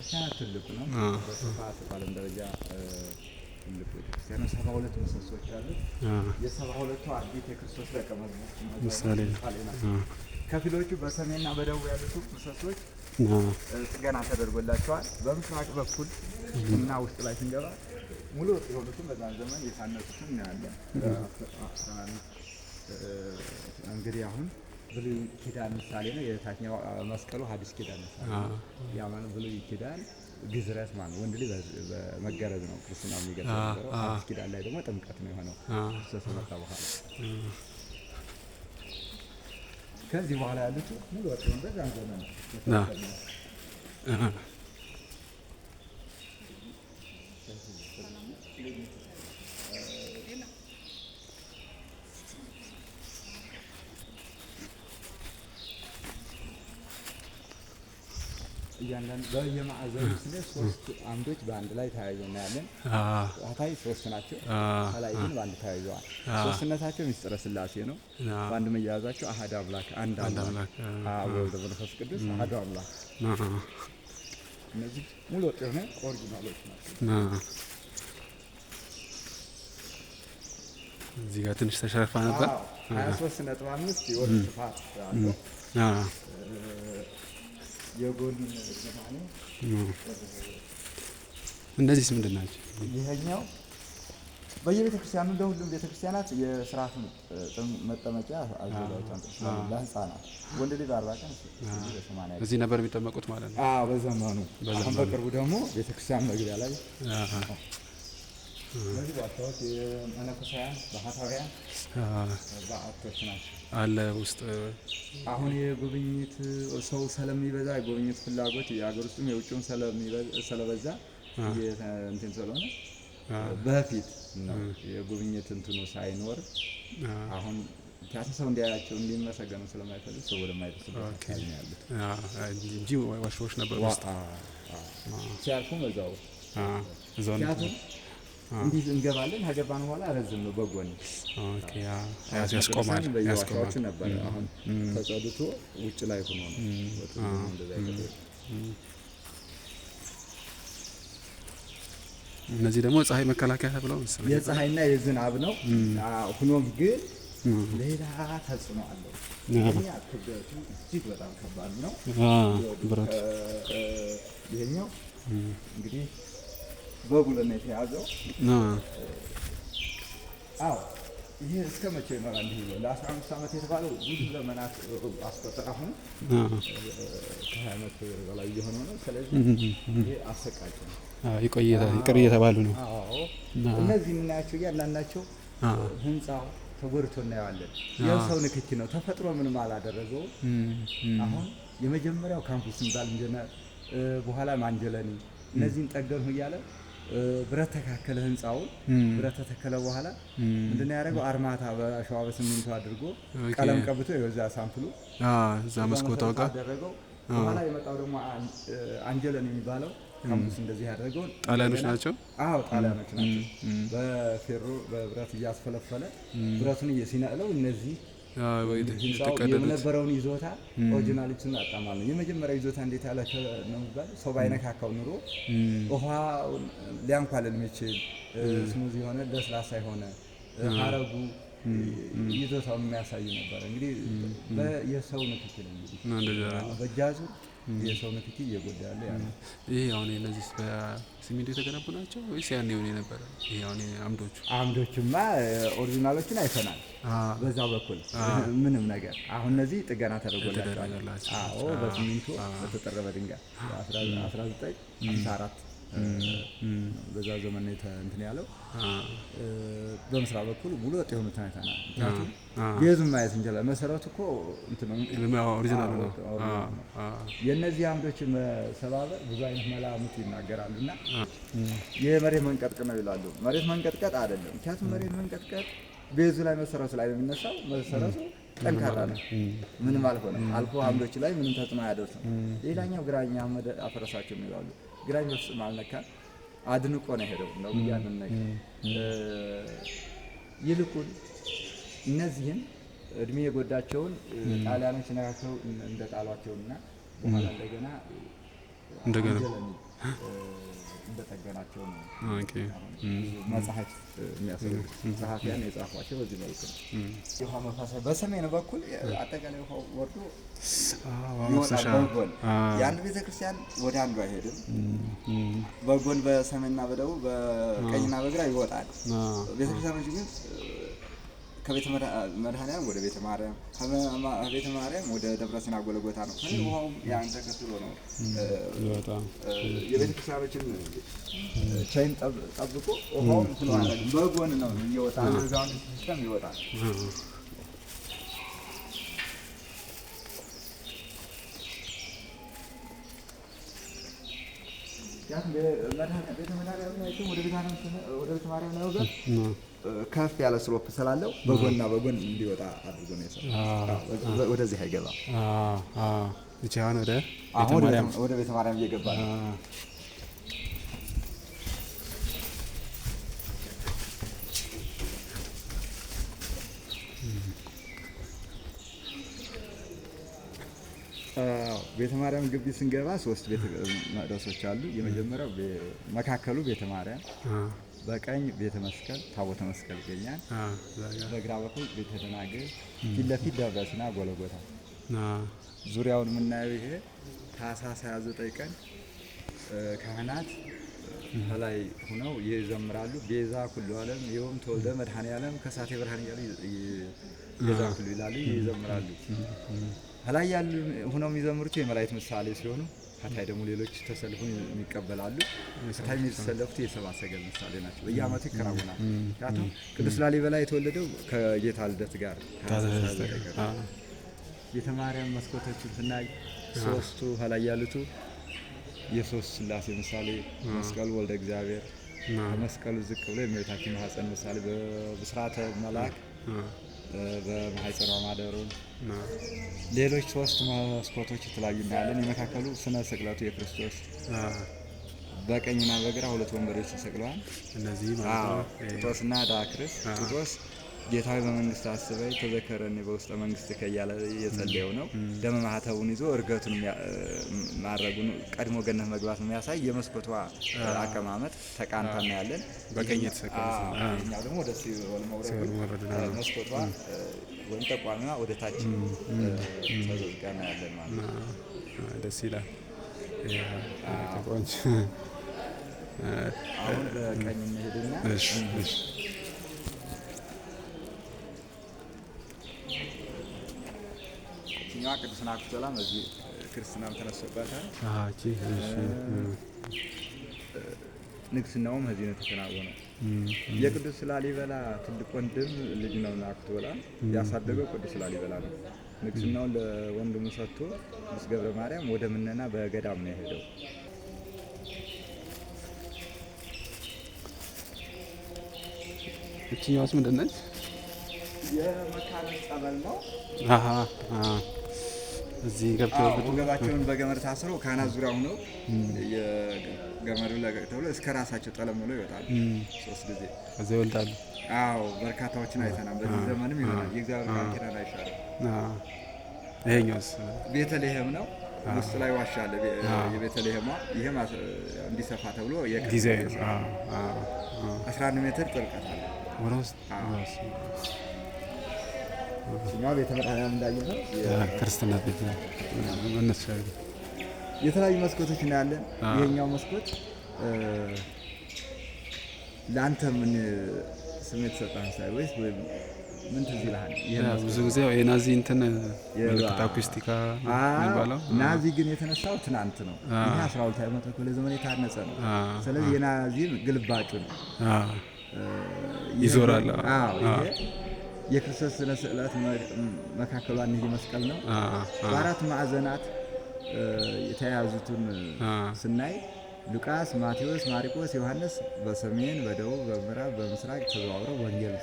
ክርስቲያናት ትልቁ ነው። በስፋት በዓለም ደረጃ ትልቁ ቤተክርስቲያን ነው። ሰባ ሁለት ምሰሶች አሉት። የሰባ ሁለቱ አርዲት የክርስቶስ ደቀ መዝሙር ምሳሌ ናቸው። ከፊሎቹ በሰሜንና በደቡብ ያሉት ምሰሶች ጥገና ተደርጎላቸዋል። በምስራቅ በኩል እና ውስጥ ላይ ስንገባ ሙሉ የሆኑትም በዛን ዘመን የታነጹትም እናያለን። እንግዲህ አሁን ብሉይ ኪዳን ምሳሌ ነው። የታችኛው መስቀሉ ሐዲስ ኪዳን ምሳሌ ያ ማለት ብሉይ ኪዳን ግዝረት ማለት ወንድ ልጅ በመገረዝ ነው ክርስትና የሚገባ ነው። ሐዲስ ኪዳን ላይ ደግሞ ጥምቀት ነው የሆነው ክርስቶስ መጣ በኋላ። ከዚህ በኋላ ያሉት ሙሉ ወጥ ነው በዛን ዘመን ነው እያንዳንዱ በየማዕዘኑ ስለ ሶስት አምዶች በአንድ ላይ ተያይዘው እናያለን። ታይ ሶስት ናቸው፣ ከላይ ግን በአንድ ተያይዘዋል። ሶስትነታቸው ሚስጥረ ስላሴ ነው። በአንድ መያያዛቸው አህድ አምላክ አንድ አምላክ አብ ወልድ መንፈስ ቅዱስ አህዱ አምላክ። እነዚህ ሙሉ ወጥ የሆነ ኦሪጂናሎች ናቸው። እዚህ ጋር ትንሽ ተሸርፋ ነበር። ሀያ ሶስት ነጥብ አምስት የወርቅ ስፋት አለው የጎን ምንድን ናቸው? ይሄኛው በየቤተ ክርስቲያኑ እንደ ሁሉም ቤተ ክርስቲያናት የስርዓት መጠመቂያ አዘጋጅቷል ለህፃናት ወንድ ልጅ በአርባ ቀን እዚህ ነበር የሚጠመቁት ማለት ነው። በዘመኑ አሁን በቅርቡ ደግሞ ቤተ ክርስቲያን መግቢያ ላይ አለ ውስጥ አሁን የጉብኝት ሰው ስለሚበዛ የጉብኝት ፍላጎት የሀገር ውስጥም የውጭም ስለበዛ እንትን ስለሆነ በፊት ነው የጉብኝት እንትኑ ሳይኖር አሁን ምክንያቱም ሰው እንዲያያቸው እንዲመሰገኑ ስለማይፈልግ ሰው ወደማይደርስበት ያሉት እንጂ ዋሻዎች ነበር ውስጥ ሲያልፉም እዛው እዛው እንዲህ እንገባለን። ከገባን በኋላ ረዝም ነው በጎን ያስቆማል ያስቆማል ነበር። አሁን ተጸድቶ ውጭ ላይ ሆኖ ነው እነዚህ ደግሞ ፀሐይ መከላከያ ተብለው መሰለኝ የፀሐይና የዝናብ ነው። ሁኖም ግን ሌላ ተጽዕኖ አለው። ክብደቱ እጅግ በጣም ከባድ ነው ይሄኛው እንግዲህ በጉል ነው የተያዘው። አዎ ይሄ እስከ መቼ ይኖራል? ይሄ ለአስራ አምስት ዓመት የተባለው ብዙ ዘመናት አስቆጠረ። አሁን ከሀያ ዓመት በላይ እየሆነ ነው። ስለዚህ አሰቃቂ ነው። ይቅር እየተባሉ ነው። እነዚህ የምናያቸው እያንዳንዳቸው ህንፃው ተጎድቶ እናየዋለን። ይህ ሰው ንክኪ ነው። ተፈጥሮ ምንም አላደረገውም። አሁን የመጀመሪያው ካምፑስ ባልንጀና በኋላ ማንጀለኒ እነዚህን ጠገንሁ እያለ ብረት ተካከለ ህንፃውን። ብረት ተተከለ በኋላ ምንድን ያደረገው አርማታ በሸዋ በስሚንቱ አድርጎ ቀለም ቀብቶ የዛ ሳምፕሉ እዛ መስኮታው ጋር አደረገው። በኋላ የመጣው ደግሞ አንጀለን የሚባለው ካምፕስ እንደዚህ ያደረገው ጣሊያኖች ናቸው። አዎ ጣሊያኖች ናቸው። በፌሮ በብረት እያስፈለፈለ ብረቱን እየሲነቅለው እነዚህ የነበረውን ይዞታ ኦሪጂናሎችን አጣማል ነው። የመጀመሪያ ይዞታ እንዴት ያለ ነው ይባል ሰው ባይነካካው ኑሮ ውሃ ሊያንኳልል የሚችል ስሙዝ የሆነ ለስላሳ የሆነ አረጉ ይዞታው የሚያሳይ ነበረ። እንግዲህ የሰው ምክክል እንግዲህ በጃዙ የሰው ፊት እየጎዳ ያለ ያ ይሄ አሁን እነዚህ በሲሚንቶ የተገነቡ ናቸው ወይስ ያን የሆነ የነበረ? ይሄ አሁን አምዶቹ አምዶቹማ ኦሪጂናሎችን አይተናል። በዛው በኩል ምንም ነገር አሁን እነዚህ ጥገና ተደርጎላቸዋል። አዎ በሲሚንቶ በተጠረበ ድንጋይ 1954 በዛ ዘመን እንትን ያለው በምስራ በኩል ሙሉ ወጥ የሆኑ አይተናል። ምክንያቱም ቤዙን ማየት እንችላል። መሰረቱ እኮ ኦሪጂናል ነው። የእነዚህ አምዶች መሰባበር ብዙ አይነት መላምት ይናገራሉ እና ይህ መሬት መንቀጥቅ ነው ይላሉ። መሬት መንቀጥቀጥ አይደለም። ምክንያቱም መሬት መንቀጥቀጥ ቤዙ ላይ መሰረቱ ላይ ነው የሚነሳው። መሰረቱ ጠንካራ ነው። ምንም አልሆነ አልፎ አምዶች ላይ ምንም ተጽዕኖ አያደርስም። ሌላኛው ግራኛ አፈረሳቸው ይላሉ ግራኝ በፍጹም አልነካ አድንቆ ነው ሄደው ነው ያንን ነገር ይልቁን እነዚህን እድሜ የጎዳቸውን ጣሊያኖች ነካክተው እንደ ጣሏቸውና በኋላ እንደገና እንደገና እንደጠገናቸው ነው መጽሐፍ ጸሐፊያን የጻፏቸው በዚህ ነው። መፋሰሻ በሰሜን በኩል አጠቃላይ ውሃ ወርዶ ይወጣል። በጎን የአንድ ቤተ ክርስቲያን ወደ አንዱ አይሄድም። በጎን በሰሜንና በደቡብ በቀኝና በግራ ይወጣል። ቤተክርስቲያኖች ግን ከቤተ መድኃኒያም ወደ ቤተ ማርያም፣ ከቤተ ማርያም ወደ ደብረ ሲና ጎለጎታ ነው። ከዚህ ውሃውም ያን ተከትሎ ነው የቤተ ክርስቲያኖችን ቻይን ጠብቆ ውሃውም ስለ በጎን ነው እየወጣ ዛን ሲስተም ይወጣል። ቤተ መድኃኒያም ወደ ቤተ ማርያም ነው ገ ከፍ ያለ ስሎፕ ስላለው በጎንና በጎን እንዲወጣ አድርጎ ነው የሰራው። ወደዚህ አይገባም። እቺ አሁን ወደ ወደ ቤተ ማርያም እየገባ ነው። ቤተ ማርያም ግቢ ስንገባ ሶስት ቤተ መቅደሶች አሉ። የመጀመሪያው መካከሉ ቤተ ማርያም በቀኝ ቤተ መስቀል ታቦተ መስቀል ይገኛል። በግራ በኩል ቤተ ደናግል፣ ፊት ለፊት ደብረ ሲና ጎለጎታ። ዙሪያውን የምናየው ይሄ ታኅሳስ 29 ቀን ካህናት ከላይ ሁነው ይዘምራሉ። ቤዛ ኩሉ ዓለም ይኸውም ተወልደ መድኃኔ ዓለም ከሳቴ ብርሃን እያሉ ቤዛ ኩሉ ይላሉ፣ ይዘምራሉ። ከላይ ያሉ ሁነው የሚዘምሩት የመላእክት ምሳሌ ሲሆኑ ከታይ ደግሞ ሌሎች ተሰልፎን የሚቀበላሉ። ከታይ የተሰለፉት የሰባ ሰገል ምሳሌ ናቸው። በየአመቱ ይከናወናል። ምክንያቱም ቅዱስ ላሊበላ የተወለደው ከጌታ ልደት ጋር ቤተ ማርያም መስኮቶችን ስናይ ሶስቱ ከላይ ያሉቱ የሶስት ስላሴ ምሳሌ፣ መስቀሉ ወልደ እግዚአብሔር፣ መስቀሉ ዝቅ ብሎ የእመቤታችን ማህፀን ምሳሌ በብስራተ መልአክ በማህፀሯ ማደሩ ሌሎች ሶስት መስኮቶች የተለያዩ እናያለን። የመካከሉ ስነ ስቅለቱ የክርስቶስ በቀኝና በግራ ሁለት ወንበሮች ተሰቅለዋል። እነዚህ ቁጦስና ዳክርስ ቁጦስ ጌታ በመንግስት አስበኝ ተዘከረኒ በውስጠ መንግስት ከያለ እየጸለየው ነው። ደመ ማህተቡን ይዞ እርገቱን ማድረጉን ቀድሞ ገነት መግባት የሚያሳይ የመስኮቷ አቀማመጥ ተቃንታ እናያለን። በቀኝ እኛ ደግሞ ወደ ሲኦል መውረዱን መስኮቷ ወይም ጠቋሚዋ ወደ ታች ተዘጋ እናያለን ማለት ነው። ደስ ይላል። ቆንጆ አሁን በቀኝ እንሄድና ይችኛዋ ቅድስና አክቶላም እዚህ ክርስትናም ተነስቶባታል። ንግስናውም እዚህ ነው የተከናወነው። የቅዱስ ላሊበላ ትልቅ ወንድም ልጅ ነው አክቶላ ያሳደገው ቅዱስ ላሊበላ ነው። ንግስናውን ለወንድሙ ሰጥቶ ቅዱስ ገብረ ማርያም ወደ ምነና በገዳም ነው የሄደው። እችኛዋስ ምንድን ነች? የመካነ ጸበል ነው። እዚህ ገብተው ወገባቸውን በገመድ ታስረው ካና ዙሪያ ሆነው የገመዱ ተብሎ እስከ ራሳቸው ጠለም ብሎ ይወጣሉ። ሶስት ጊዜ እዚያ ይወልጣሉ። አዎ በርካታዎችን አይተናል። በዚህ ዘመንም ይሆናል። የእግዚአብሔር ቃል ኪዳን አይሻልም። ይሄኛውስ ቤተልሔም ነው። ውስጥ ላይ ዋሻ አለ የቤተልሔሟ። ይህም እንዲሰፋ ተብሎ ዲዛይን አስራ አንድ ሜትር ጥልቀት አለ ወደ ውስጥ ክርስትና ቤት መነሻ የተለያዩ መስኮቶች እናያለን። ይሄኛው መስኮት ለአንተ ምን ስሜት ሰጣን? ሳይ ወይስ ምን ትዝ ይልሃል? ብዙ ጊዜ የናዚ እንትን ምልክት አኩስቲካ የሚባለው ናዚ ግን የተነሳው ትናንት ነው። ይህ አስራ ሁለት ዓመት ክፍለ ዘመን የታነጸ ነው። ስለዚህ የናዚም ግልባጩ ነው ይዞራል። የክርስቶስ ስነ ስዕለት መካከሉ አንህ መስቀል ነው። በአራት ማዕዘናት የተያያዙትን ስናይ ሉቃስ፣ ማቴዎስ፣ ማሪቆስ፣ ዮሐንስ በሰሜን፣ በደቡብ፣ በምዕራብ፣ በምስራቅ ተዘዋውረው ወንጌል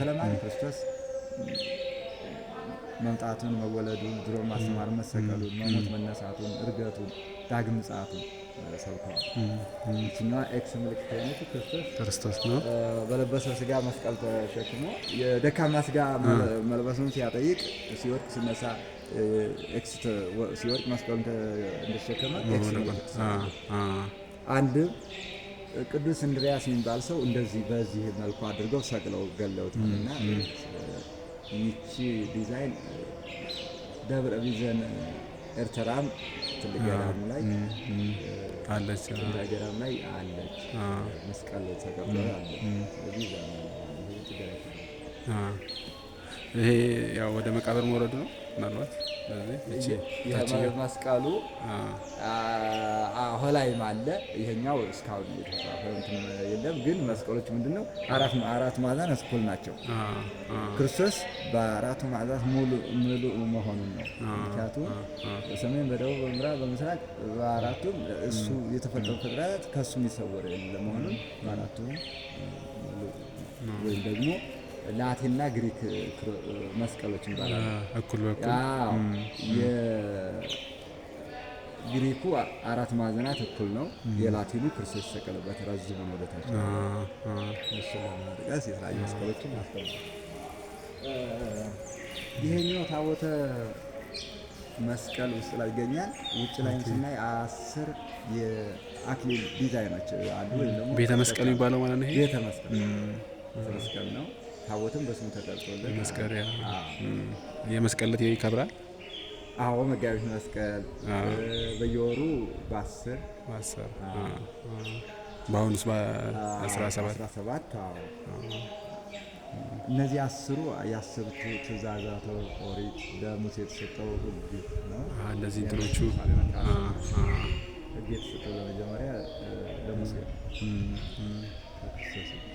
ስለማን ክርስቶስ መምጣቱን፣ መወለዱን፣ ድሮ ማስተማር መሰቀሉን፣ መሞት መነሳቱን፣ እርገቱን፣ ዳግም ምጽአቱን ሰብከዋል። ኤክስ ምልክት አይነቱ ክርስቶስ ነው። በለበሰው ስጋ መስቀል ተሸክሞ የደካማ ስጋ መልበሱን ሲያጠይቅ ሲወድቅ ሲነሳ ኤክስ ሲወድቅ መስቀሉን እንደተሸከመ አንድ ቅዱስ እንድሪያስ የሚባል ሰው እንደዚህ በዚህ መልኩ አድርገው ሰቅለው ገለውት እና ይቺ ዲዛይን ደብረ ቢዘን ኤርትራም ትልቅ ገዳም ላይ አለች፣ ገዳም ላይ አለች፣ መስቀል ተቀብላ አለ። ስለዚህ ትግራይ ይሄ ያው ወደ መቃብር መውረዱ ነው ምናልባት ስለዚህ መስቀሉ ሆላይም አለ። ይሄኛው እስካሁን የለም ግን መስቀሎች ምንድን ነው አራት አራቱ ማዕዛን እኩል ናቸው። ክርስቶስ በአራቱ ማዕዛት ሙሉ ሙሉ መሆኑን ነው። ምክንያቱም በሰሜን በደቡብ በምዕራብ በምስራቅ በአራቱም እሱ የተፈጠሩ ፍጥረት ከእሱ የሚሰወር መሆኑን በአራቱ ወይም ደግሞ ላቲንና ግሪክ መስቀሎች ይባላሉ። እኩል አራት ማዕዘናት እኩል ነው። የላቲኑ ክርስቶስ የተሰቀለበት ረዝሙ ነው ወደታች ለመጥቀስ የተለያዩ መስቀሎችን ማስቀመጥ። ይሄኛው ታቦተ መስቀል ውስጥ ላይ ይገኛል። ውጭ ላይ ስናይ አስር የአክሊል ዲዛይኖች አሉ። ወይም ደግሞ ቤተ መስቀል የሚባለው ማለት ነው። ቤተ መስቀል ነው። ታቦትም በስሙ ተቀርጾለት መስቀሪያ የመስቀለት ይከብራል። አዎ መጋቢት መስቀል በየወሩ በአስር በአስር በአሁኑስ በአስራ ሰባት እነዚህ አስሩ የአስርቱ ትእዛዛተ ኦሪት ለሙሴ የተሰጠው ሕግ ነው። እነዚህ እንትኖቹ ሕግ የተሰጠው ለመጀመሪያ ለሙሴ ነው።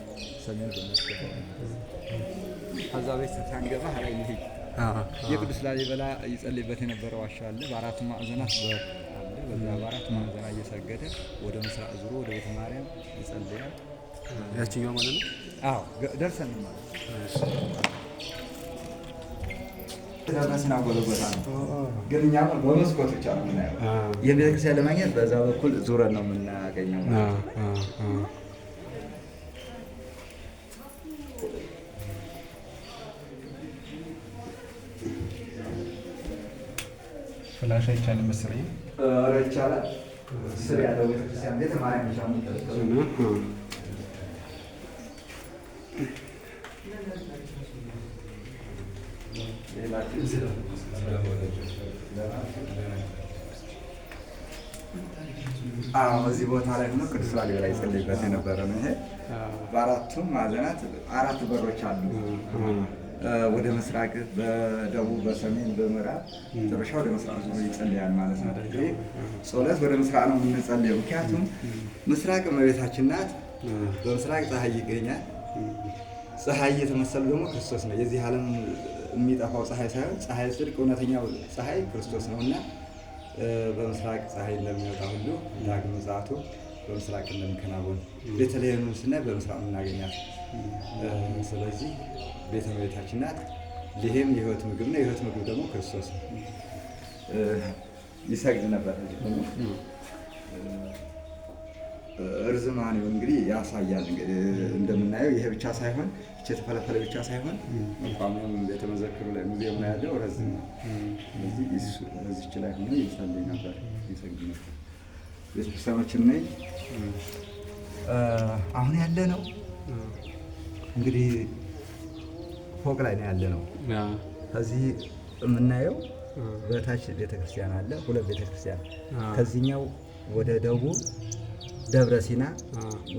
ሰሜን ከዛ በፊት ሳንገባ ሀላይ ልሂድ የቅዱስ ላሊበላ ይጸልይበት የነበረ ዋሻ አለ። በአራቱ ማዕዘናት አለ። በዛ በአራቱ ማዕዘና እየሰገደ ወደ ምስራቅ ዙሮ ወደ ቤተ ማርያም ይጸልያል። ያችኛው ማለት ነው። አዎ ደርሰን ማለት መስና ጎለጎታ ነው። ግን እኛ በመስኮት ብቻ ነው የቤተክርስቲያን ለማግኘት በዛ በኩል ዙረን ነው የምናገኘው። ፍላሽ አይቻልም መሰለኝ። ኧረ ይቻላል። ስር ያለው ቤተክርስቲያን ቤተ ማርያም ብቻ እዚህ ቦታ ላይ ሆኖ ቅዱስ ላሊበላ ይጸልይበት የነበረ ነው። ይሄ በአራቱም ማዕዘናት አራት በሮች አሉ። ወደ ምስራቅ፣ በደቡብ፣ በሰሜን፣ በምዕራብ መጨረሻ ወደ ምስራቅ ዞሮ ይጸለያል ማለት ነው። ጸሎት ወደ ምስራቅ ነው የምንጸለየው። ምክንያቱም ምስራቅ እመቤታችን ናት። በምስራቅ ፀሐይ ይገኛል። ፀሐይ የተመሰሉ ደግሞ ክርስቶስ ነው። የዚህ ዓለም የሚጠፋው ፀሐይ ሳይሆን ፀሐይ ጽድቅ፣ እውነተኛው ፀሐይ ክርስቶስ ነው እና በምስራቅ ፀሐይ እንደሚወጣ ሁሉ ዳግም ምጽአቱ በምስራቅ እንደሚከናወን ቤተልሔምን ስናይ በምስራቅ እናገኛት። ስለዚህ ቤተ እመቤታችን ናት። ሊሄም የህይወት ምግብ ነው። የህይወት ምግብ ደግሞ ክርስቶስ ይሰግድ ነበር። እርዝማኔው እንግዲህ ያሳያል። እንደምናየው ይሄ ብቻ ሳይሆን ይህች የተፈለፈለ ብቻ ሳይሆን እንኳንም ቤተመዘክሩ ላይ ሙዚየም ላይ ያለው ረዝም ነው። ስለዚህ እዚች ላይ ሆኖ ይሳለኝ ነበር፣ ይሰግድ ነበር። ቤተክርስቲያኖችን ነኝ። አሁን ያለ ነው እንግዲህ ፎቅ ላይ ነው ያለ ነው። ከዚህ የምናየው በታች ቤተክርስቲያን አለ፣ ሁለት ቤተክርስቲያን ከዚህኛው ወደ ደቡብ ደብረ ሲና፣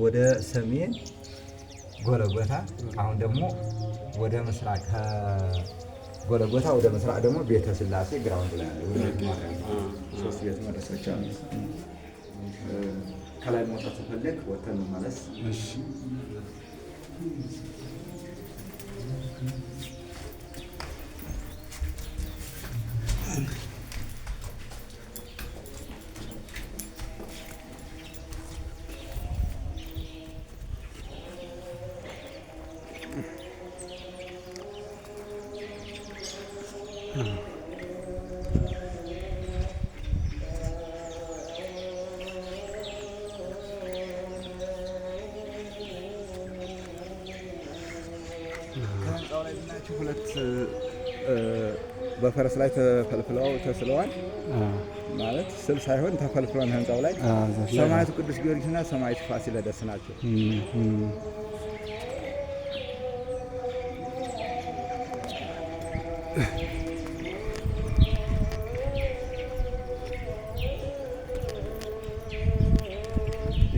ወደ ሰሜን ጎለጎታ፣ አሁን ደግሞ ወደ ምስራቅ ጎለጎታ ወደ ምስራቅ ደግሞ ቤተ ስላሴ ግራውንድ ላይ አለ። ሶስት ቤተ መድረሶች አሉ። ከላይ መውጣት ስፈልግ ወተን መመለስ ላይ ተፈልፍለው ተስለዋል። ማለት ስል ሳይሆን ተፈልፍለን ህንፃው ላይ ሰማያት ቅዱስ ጊዮርጊስና ሰማያት ፋሲለደስ ናቸው።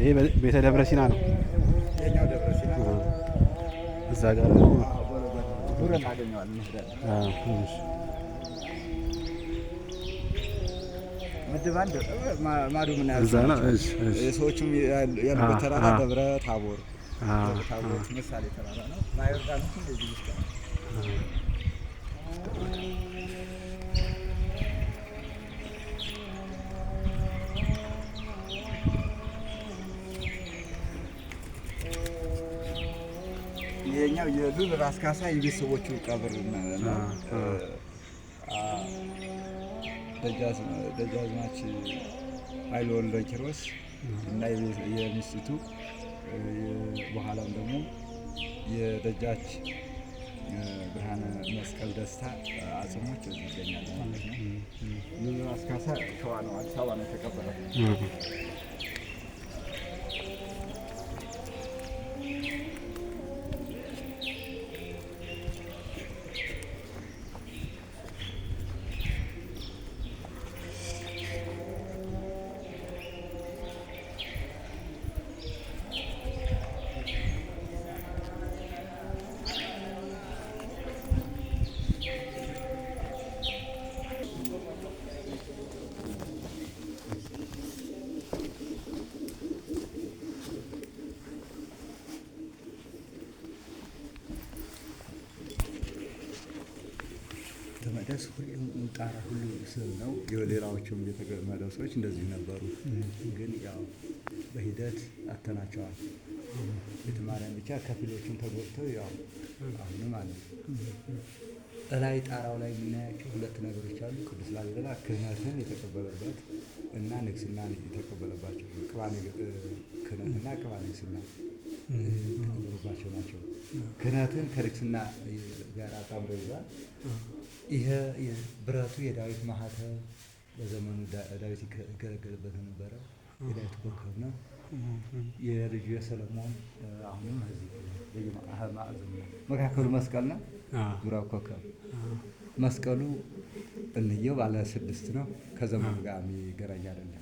ይሄ ቤተ ደብረ ሲና ነው። እዛ ጋር ግድብ አለ ማዶ ምን ያለው ሰዎችም ያሉበት ተራራ ደብረ ታቦር ይሄኛው የሉል ራስ ካሳ የቤተሰቦቹ ቀብር ነው። ደጃዝማች ኃይለ ወልደ ኪሮስ እና የሚስቱ በኋላም ደግሞ የደጃች ብርሃነ መስቀል ደስታ አጽሞች ይገኛሉ ማለት ነው። አስካሳ ሸዋ ነው፣ አዲስ አበባ ነው የተቀበረው። ጣራ ሁሉ ስዕል ነው። ሌላዎቹም ቤተ እንደዚህ ነበሩ፣ ግን ያው በሂደት አተናቸዋል። ቤተ ብቻ ከፊሎችን ተጎድተው ያው አሁንም አለ። እላይ ጣራው ላይ የምናያቸው ሁለት ነገሮች አሉ። ቅዱስ ላሊበላ ክህነትን የተቀበለበት እና ንግስና የተቀበለባቸው ክህነትና ቅባ ንግስና የተቀበሉባቸው ናቸው። ክህነትን ከንግስና ጋር አጣምሮ ይዛል። ይህ ብረቱ የዳዊት ማህተብ በዘመኑ ዳዊት ይገለገልበት ነበረ። የዳዊት ኮከብ ነው። የልጁ የሰለሞን አሁንም መካከሉ መስቀል ነው። ዙሪያው ኮከብ መስቀሉ እንየው ባለ ስድስት ነው። ከዘመኑ ጋር የሚገናኝ አይደለም።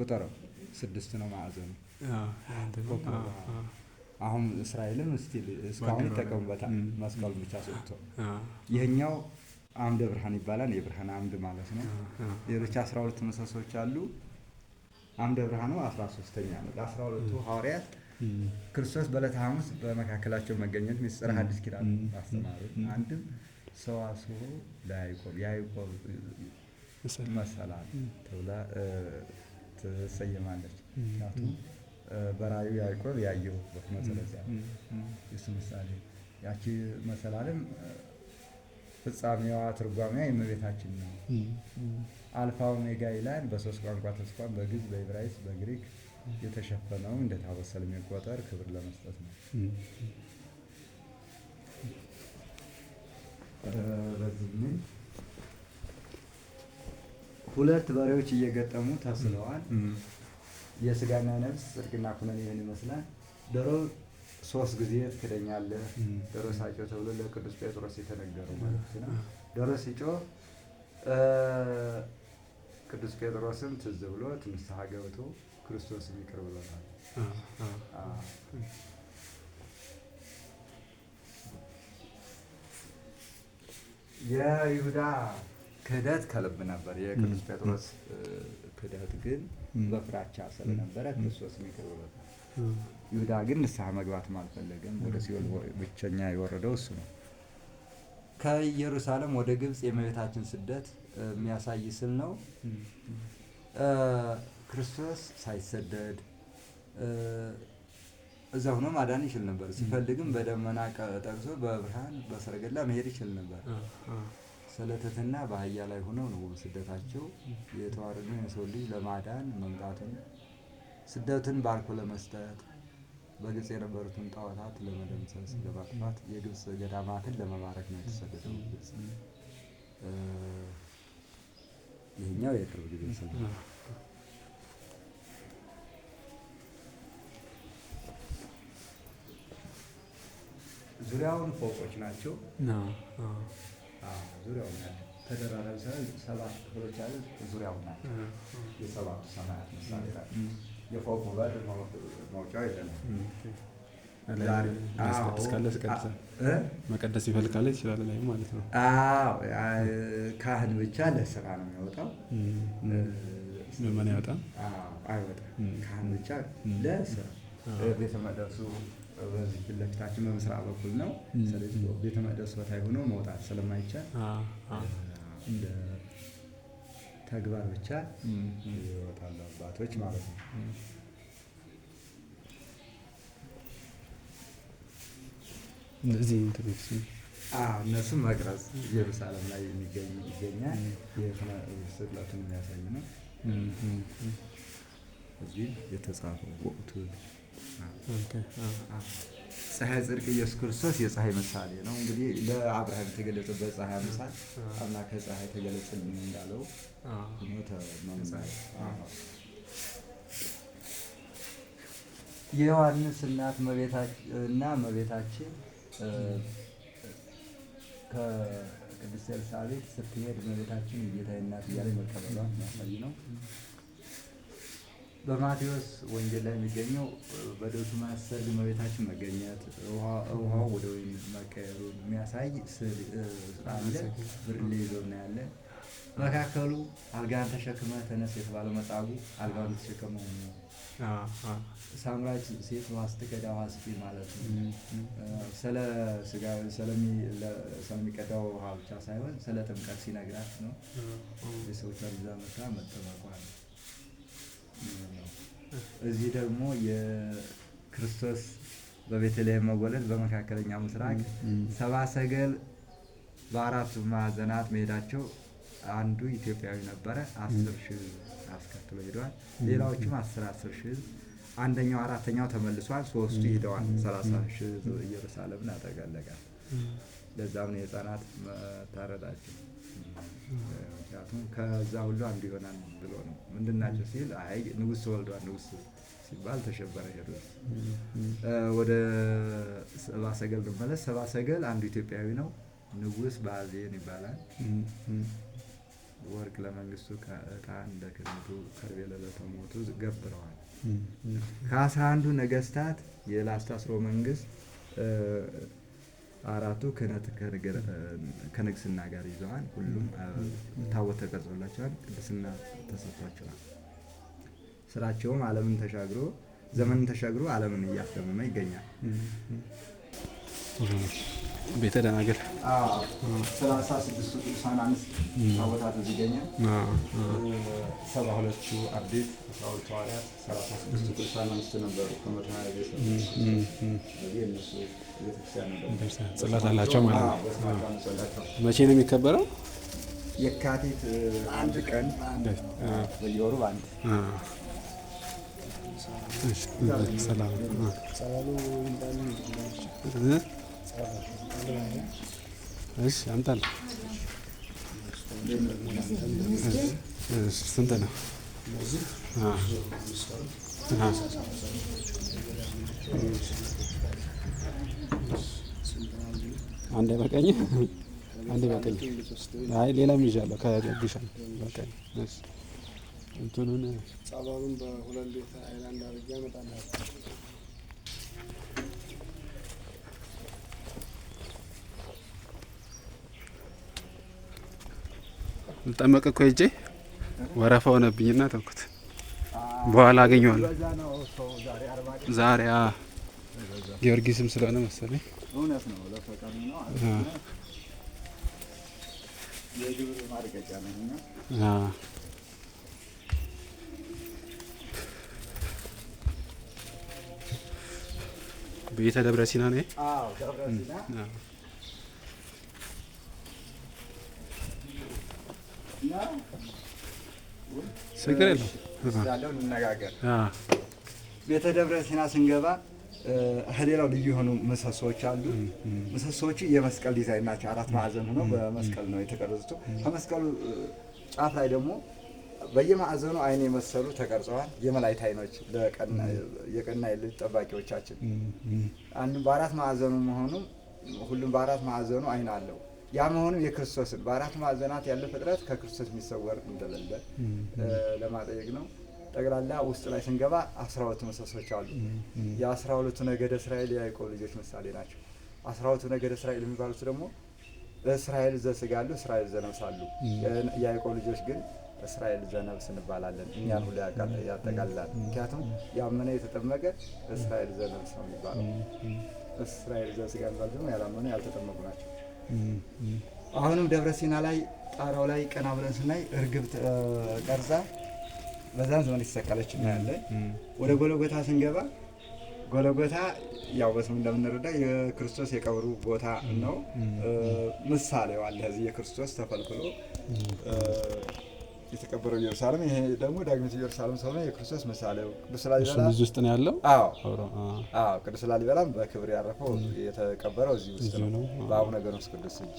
ቁጠረው ስድስት ነው ማዕዘኑ አሁን እስራኤልም ስቲል እስካሁን ይጠቀሙበታል። መስቀሉ ብቻ ሰጥቶ ይህኛው አምደ ብርሃን ይባላል። የብርሃን አምድ ማለት ነው። ሌሎች አስራ ሁለት ምሰሶች አሉ። አምደ ብርሃኑ አስራ ሶስተኛ ነው። ለአስራ ሁለቱ ሐዋርያት ክርስቶስ በዕለተ ሐሙስ በመካከላቸው መገኘት ሚስጥር አዲስ ኪዳን አስተማሩ አንድም ሰዋስወ ለያይቆብ ያዕቆብ መሰላል ተብላ ትሰየማለች። ምክንያቱም በራዩ ያዕቆብ ያየሁበት መሰለዚያ እሱ ምሳሌ ያቺ መሰላልም ፍጻሜዋ ትርጓሜዋ የእመቤታችን ነው። አልፋ ኦሜጋ ይላል። በሶስት ቋንቋ ተስፋን በግዕዝ በኢብራይስ በግሪክ የተሸፈነው እንደ ታበሰል የሚቆጠር ክብር ለመስጠት ነው። ሁለት በሬዎች እየገጠሙ ታስለዋል። የስጋና ነፍስ ጽድቅና ኩነን ይህን ይመስላል። ዶሮ ሶስት ጊዜ ትክደኛለህ፣ ዶሮ ሳጮ ተብሎ ለቅዱስ ጴጥሮስ የተነገረው ማለት ነው። ዶሮ ሲጮ ቅዱስ ጴጥሮስም ትዝ ብሎት ንስሐ ገብቶ ክርስቶስም ይቅር ብሎታል። የይሁዳ ክህደት ከልብ ነበር። የቅዱስ ጴጥሮስ ክህደት ግን በፍራቻ ስለነበረ ክርስቶስ ይቅር ብሎታል። ይሁዳ ግን ንስሐ መግባትም አልፈለገም። ወደ ሲኦል ብቸኛ የወረደው እሱ ነው። ከኢየሩሳሌም ወደ ግብፅ የመቤታችን ስደት የሚያሳይ ስል ነው። ክርስቶስ ሳይሰደድ እዛ ሆኖ ማዳን ይችል ነበር። ሲፈልግም በደመና ጠቅሶ በብርሃን በሰረገላ መሄድ ይችል ነበር። ስለትትና በአህያ ላይ ሆነው ነው ስደታቸው የተዋረዱ የሰው ልጅ ለማዳን መምጣቱን ስደትን ባርኮ ለመስጠት በግብፅ የነበሩትን ጣዖታት ለመደምሰስ ለማጥፋት የግብጽ ገዳማትን ለመባረክ ነው የተሰደደው። ግብጽ ይህኛው የቅርብ ጊዜ ሰ ዙሪያውን ፎቆች ናቸው። ዙሪያው ናቸው። ተደራራቢ ሳይሆን ሰባት ክፍሎች አሉ። ዙሪያው ናቸው። የሰባቱ ሰማያት ምሳሌ የፎቁ በር መውጫው የለንም። መቀደስ ይፈልግ ይችላል ላይ ማለት ነው። ካህን ብቻ ለስራ ነው የሚወጣው። ምዕመን አይወጣም፣ አይወጣም። ካህን ብቻ ለስራ ቤተ መቅደሱ በዚህ ፊት ለፊታችን በምስራቅ በኩል ነው። ስለዚህ ቤተ መቅደስ ቦታ የሆነ መውጣት ስለማይቻል እንደ ተግባር ብቻ ይወጣሉ አባቶች ማለት ነው። እነዚህ እንትኖች እነሱም መቅረጽ ኢየሩሳሌም ላይ የሚገኝ ይገኛል። ስቅለቱን የሚያሳይ ነው። እዚህ የተጻፈው ወቅቱ ፀሐይ ጽድቅ ኢየሱስ ክርስቶስ የፀሐይ ምሳሌ ነው። እንግዲህ ለአብርሃም የተገለጸበት ፀሐይ ምሳሌ አምላከ ፀሐይ ተገለጸልን እንዳለው የዮሐንስ እናት እና መቤታችን ከቅድስት ኤልሳቤጥ ስትሄድ መቤታችን የጌታዬ እናት እያለ መቀበሏት ነው። በማቴዎስ ወንጌል ላይ የሚገኘው በደቱ ማሰር እመቤታችን መገኘት ውሃው ወደ ወይን መቀየሩ የሚያሳይ ስዕል አለ። ብርሌ ይዞ እናያለን። መካከሉ አልጋን ተሸክመ ተነስ የተባለ መጻጉዕ አልጋን ተሸክመ ሳምራች ሴት ውሃ ስትቀዳ ውሃ ስጪ ማለት ነው። ስለሚቀዳው ውሃ ብቻ ሳይሆን ስለ ጥምቀት ሲነግራት ነው። የሰዎች አብዛ መታ መጠመቋል እዚህ ደግሞ የክርስቶስ በቤተልሔም መወለድ በመካከለኛ ምስራቅ ሰባ ሰገል በአራቱ ማዕዘናት መሄዳቸው አንዱ ኢትዮጵያዊ ነበረ። አስር ሺህ አስከትሎ ሄደዋል። ሌላዎቹም አስር አስር ሺህ አንደኛው አራተኛው ተመልሷል። ሶስቱ ሄደዋል። ሰላሳ ሺህ ኢየሩሳሌምን አጠቃለቃል። ለዛም ነው የህፃናት መታረዳቸው ምክንያቱም ከዛ ሁሉ አንዱ ይሆናል ብሎ ነው። ምንድን ናቸው ሲል አይ ንጉሥ ተወልዷል። ንጉሥ ሲባል ተሸበረ ሄዶ ወደ ሰብአ ሰገል መለስ። ሰብአ ሰገል አንዱ ኢትዮጵያዊ ነው። ንጉሥ ባዜን ይባላል። ወርቅ ለመንግስቱ ከእጣን ለክንቱ ከርቤ ለለተሞቱ ገብረዋል። ከአስራ አንዱ ነገስታት የላስታስሮ መንግስት አራቱ ከንግስና ጋር ይዘዋል። ሁሉም ታቦት ተቀርጾላቸዋል፣ ቅድስና ተሰጥቷቸዋል። ስራቸውም ዓለምን ተሻግሮ ዘመንን ተሻግሮ ዓለምን እያስደመመ ይገኛል። ቤተ ደናግል ሰላሳ ስድስቱ ቅዱሳን አንስት ታቦታት ይገኛል። ሰባ ሁለቱ አብዴት አስራ ሁለቱ ሐዋርያት ሰላሳ ስድስቱ ቅዱሳን አንስት ነበሩ። ጽላት አላቸው ማለት ነው። መቼ ነው የሚከበረው? የካቲት አንድ ቀን በየወሩ በአንድ ሰላም እሺ አምጣል። ስንት ነው? አንድ በቀኝ አንድ በቀኝ። አይ ሌላም ይዣለሁ ከግሻ በቀኝ እንትኑን ጸባሉን በሁለት ሌትር አይላንድ አድርጌ አመጣለሁ። ልጠመቅ እኮ ሄጄ ወረፋ ሆነብኝና ተኩት። በኋላ አገኘዋለሁ ዛሬ ጊዮርጊስም ስለሆነ መሰለኝ ቤተ ደብረ ሲና ነው። ችግር የለውም እንነጋገር። ቤተ ደብረ ሲና ስንገባ ከሌላው ልዩ የሆኑ ምሰሶዎች አሉ። ምሰሶዎቹ የመስቀል ዲዛይን ናቸው። አራት ማዕዘን ሆነው በመስቀል ነው የተቀረጹት። ከመስቀሉ ጫፍ ላይ ደግሞ በየማዕዘኑ አይን የመሰሉ ተቀርጸዋል። የመላእክት አይኖች የቀና ልጅ ጠባቂዎቻችን አንዱ በአራት ማዕዘኑ መሆኑ ሁሉም በአራት ማዕዘኑ አይን አለው። ያ መሆኑም የክርስቶስን በአራት ማዕዘናት ያለ ፍጥረት ከክርስቶስ የሚሰወር እንደሌለ ለማጠየቅ ነው። ጠቅላላ ውስጥ ላይ ስንገባ አስራ ሁለቱ ምሰሶች አሉ። የአስራ ሁለቱ ነገደ እስራኤል የያዕቆብ ልጆች ምሳሌ ናቸው። አስራ ሁለቱ ነገደ እስራኤል የሚባሉት ደግሞ እስራኤል ዘስጋሉ፣ እስራኤል ዘነብሳሉ። የያዕቆብ ልጆች ግን እስራኤል ዘነብስ እንባላለን። እኛን ሁሉ ያጠቃልላል። ምክንያቱም ያመነ የተጠመቀ እስራኤል ዘነብስ ነው የሚባለው። እስራኤል ዘስጋ የሚባሉ ደግሞ ያላመነ ያልተጠመቁ ናቸው። አሁንም ደብረ ሲና ላይ ጣራው ላይ ቀና ብለን ስናይ እርግብ ቀርጻ በዛን ዘመን የተሰቀለች እናያለን። ወደ ጎለጎታ ስንገባ ጎለጎታ ያው በስሙ እንደምንረዳ የክርስቶስ የቀብሩ ቦታ ነው። ምሳሌው አለ እዚህ የክርስቶስ ተፈልፍሎ የተቀበረው ኢየሩሳሌም። ይሄ ደግሞ ዳግሚት ኢየሩሳሌም ስለሆነ የክርስቶስ ምሳሌ ቅዱስ ላሊበላ እዚህ ውስጥ ነው ያለው። አዎ አዎ፣ ቅዱስ ላሊበላም በክብር ያረፈው የተቀበረው እዚህ ውስጥ ነው፣ በአቡነ ገኖስ ቅዱስ እጅ።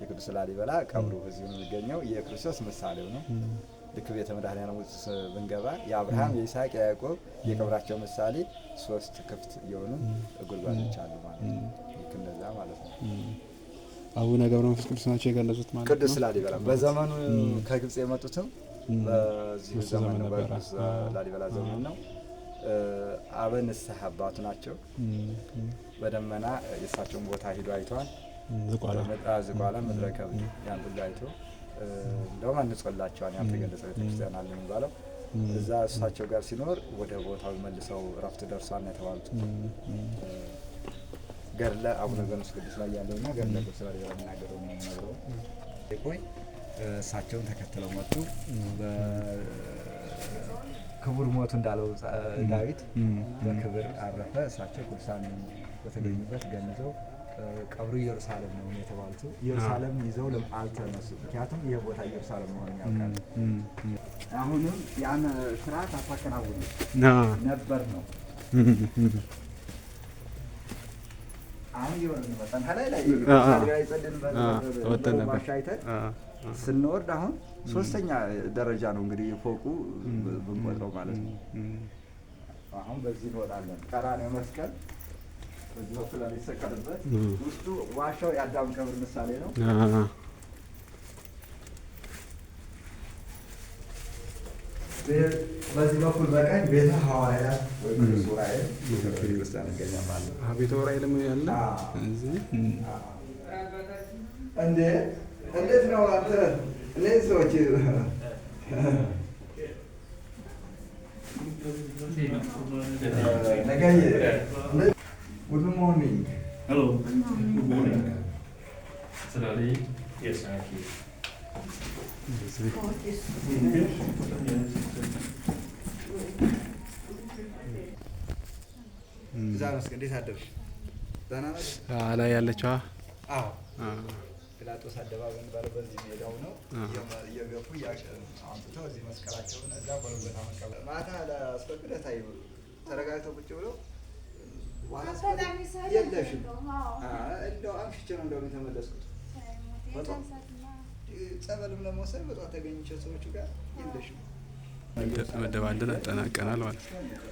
የቅዱስ ላሊበላ ቀብሩ እዚሁ ነው የሚገኘው። የክርስቶስ ምሳሌው ነው። ልክ ቤተ መድኃኔዓለም ውስጥ ብንገባ የአብርሃም የይስሐቅ፣ የያዕቆብ የቀብራቸው ምሳሌ ሶስት ክፍት የሆኑ ጉድጓዶች አሉ ማለት ነው። ልክ እነዛ ማለት ነው። አቡነ ገብረ መንፈስ ቅዱስ ናቸው የገለጹት ማለት ነው። ቅዱስ ላሊበላ በዘመኑ ከግብጽ የመጡትም በዚህ ዘመን በቅዱስ ላሊበላ ዘመን ነው። አበ ንስሐ አባቱ ናቸው። በደመና የእሳቸውን ቦታ ሂዶ አይተዋል። ዝቋላ መድረከብ ያን ሁሉ አይቶ እንደውም አንጾላቸዋል። ያን ተገለጸ ቤተክርስቲያን አለ የሚባለው እዛ እሳቸው ጋር ሲኖር ወደ ቦታው መልሰው እረፍት ደርሷል ነው የተባሉት። ገድለ አቡነ ገብረ ቅዱስ ላይ ያለው እና ገድለ ቅዱስ ላይ የሚናገረው ነው የሚነግረው። ቆይ እሳቸውን ተከትለው መጡ። በክቡር ሞቱ እንዳለው ዳዊት በክብር አረፈ። እሳቸው ቅዱሳን በተገኙበት ገንዘው ቀብሩ ኢየሩሳሌም ነው የተባሉት። ኢየሩሳሌም ይዘው አልተነሱ። ምክንያቱም ይህ ቦታ ኢየሩሳሌም መሆኑን ያውቃል። አሁንም ያን ስርዓት አታከናውኑ ነበር ነው ስንወርድ አሁን ሶስተኛ ደረጃ ነው እንግዲህ ፎቁ ብንቆጥረው ማለት ነው። አሁን በዚህ እንወጣለን። ቀራንዮ መስቀል በዚህ በኩል የሚሰቀልበት ውስጡ ዋሻው የአዳም ቀብር ምሳሌ ነው። በዚህ በኩል በቀኝ ቤተ ሐዋርያት ወይም ቤተክርስቲያን ይገኛል ቤተ ዑራኤልም ያለ እንዴ! እንዴት ነው አንተ እነዚህ ሰዎች ነገዬ ጉድ ሞርኒንግ እንዴት አደርሽ? ላይ ያለችዋ ጲላጦስ አደባባይ የሚባለው በዚህ ሜዳው ነው። እየገፉ አምጥተው እዚህ መስቀላቸውን እዛ በሉበት መቀበል ማታ ለአስፈቅደት አይሉ ተረጋግተው ቁጭ ብለው የለሽም እንደው አምሽቼ ነው እንደውም የተመለስኩት ጸበልም ለመውሰድ በጠዋት ተገኝቸው ሰዎቹ ጋር የለሽም መደባደል አጠናቀናል ማለት ነው።